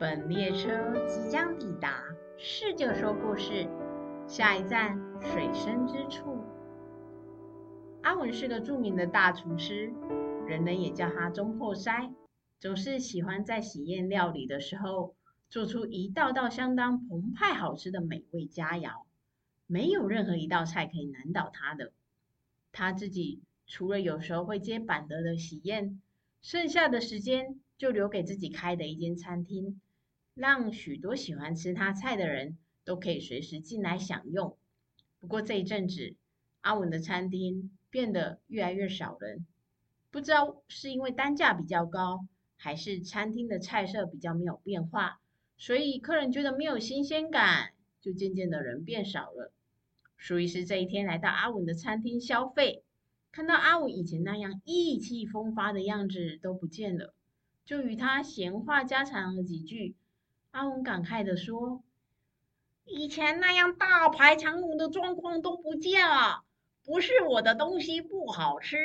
本列車即將抵達，試就說故事。下一站，水深之處。阿文是個著名的大廚師，人人也叫他總鋪師，總是喜歡在喜宴料理的時候做出一道道相當澎湃好吃的美味佳餚，沒有任何一道菜可以難倒他的。他自己除了有時候會接板德的喜宴，剩下的時間就留給自己開的一間餐廳。讓許多喜歡吃他菜的人都可以隨時進來享用。不過這一陣子，阿文的餐廳變得越來越少人。不知道是因為單價比較高，還是餐廳的菜色比較沒有變化，所以客人覺得沒有新鮮感，就漸漸的人變少了。所以是這一天來到阿文的餐廳消費，看到阿文以前那樣意氣風發的樣子都不見了，就與他閒話家常了幾句。阿文感慨地說：“以前那樣大排長龍的狀況都不見了，不是我的東西不好吃，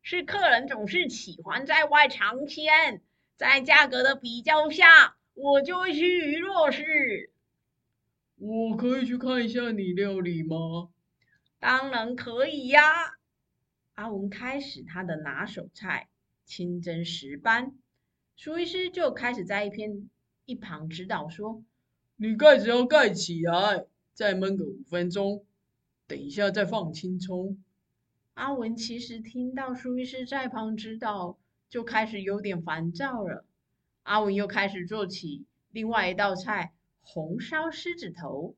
是客人總是喜歡在外嘗鮮，在價格的比較下，我就會屈於弱勢。”“我可以去看一下你料理嗎？”“當然可以呀、啊。”阿文開始他的拿手菜——清蒸石斑，廚師就開始在一片一旁指導說：“你蓋子要蓋起來，再燜個五分鐘，等一下再放青蔥。”阿文其實聽到蘇醫師在旁指導，就開始有點煩躁了。阿文又開始做起另外一道菜——紅燒獅子頭。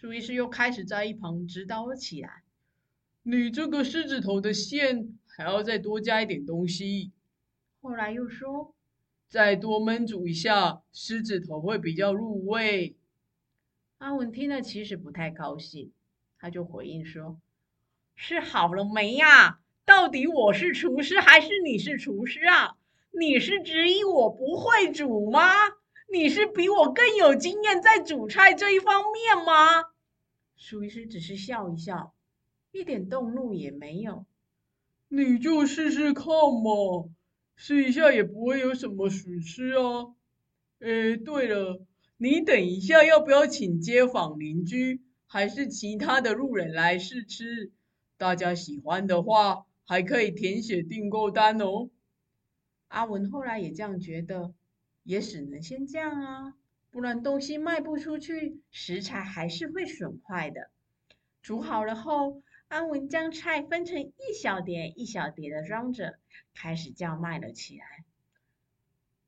蘇醫師又開始在一旁指導了起來：“你這個獅子頭的餡還要再多加一點東西。”後來又說，再多燜煮一下，獅子頭會比較入味。阿文聽了其實不太高興，他就回應說：“是好了沒啊？到底我是廚師還是你是廚師啊？你是質疑我不會煮嗎？你是比我更有經驗在煮菜這一方面嗎？”舒醫師只是笑一笑，一點動怒也沒有。你就試試看嘛。試一下也不會有什麼損失啊。誒，對了，你等一下要不要請街坊鄰居還是其他的路人來試吃？大家喜歡的話還可以填寫訂購單哦。阿文後來也這樣覺得，也只能先這樣啊，不然東西賣不出去，食材還是會損壞的。煮好了後。安文將菜分成一小碟一小碟的裝着，開始叫賣了起來。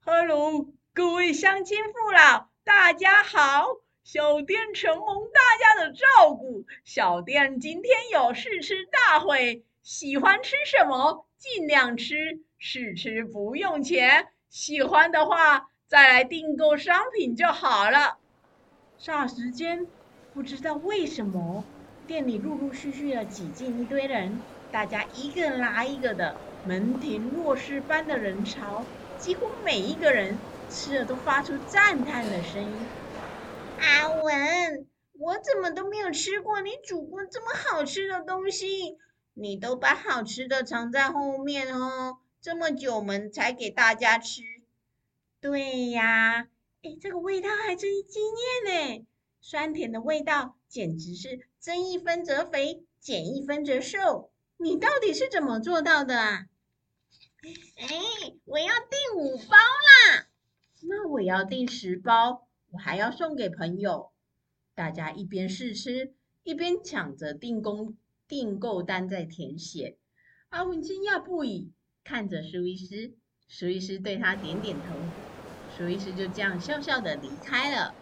哈囉，各位鄉親父老，大家好！小店承蒙大家的照顧，小店今天有試吃大會，喜歡吃什麼盡量吃，試吃不用錢。喜歡的話再來訂購商品就好了。霎時間，不知道為什麼。店裡陸陸續續的擠進一堆人，大家一個拉一個的，門庭若市般的人潮，幾乎每一個人吃了都發出讚嘆的聲音。阿文，我怎麼都沒有吃過你煮過這麼好吃的東西？你都把好吃的藏在後面哦，這麼久門才給大家吃。對呀，誒、欸，這個味道還真驚艷呢。酸甜的味道，簡直是增一分則肥，減一分則瘦。你到底是怎麼做到的啊？哎，我要訂五包啦！那我要訂十包，我還要送給朋友。大家一邊試吃，一邊搶着訂購、訂購單在填寫。阿文驚訝不已，看着舒醫師，舒醫師對他點點頭，舒醫師就這樣笑笑的離開了。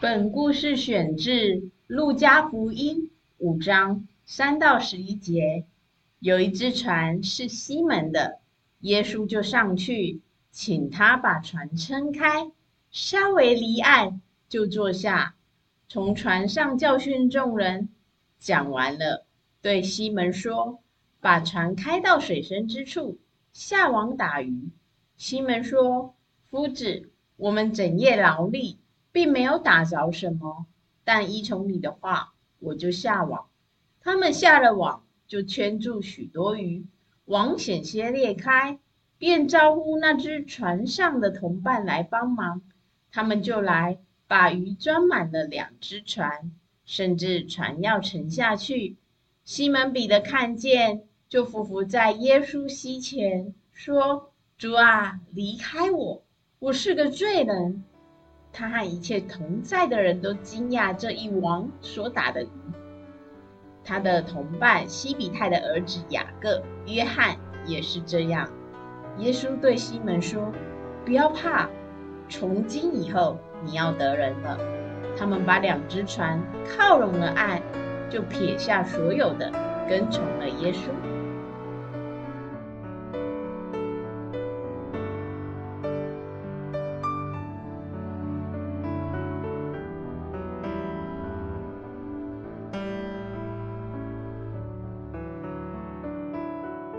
本故事選自《路加福音》五章三到十一節。有一隻船是西門的，耶穌就上去，請他把船撐開，稍微離岸，就坐下，從船上教訓眾人。講完了，對西門說：“把船開到水深之處，下網打魚。”西門說：“夫子，我們整夜勞力。”並沒有打着什麼，但依從你的話，我就下網。他們下了網，就圈住許多魚，網險些裂開，便招呼那只船上的同伴來幫忙。他們就來，把魚裝滿了兩隻船，甚至船要沉下去。西門彼得看見，就俯伏在耶穌膝前，說：“主啊，離開我，我是個罪人。”他和一切同在的人都驚訝這一網所打的魚。他的同伴西庇太的兒子雅各、約翰也是這樣。耶穌對西門說：“不要怕，從今以後你要得人了。”他們把兩隻船靠攏了岸，就撇下所有的，跟從了耶穌。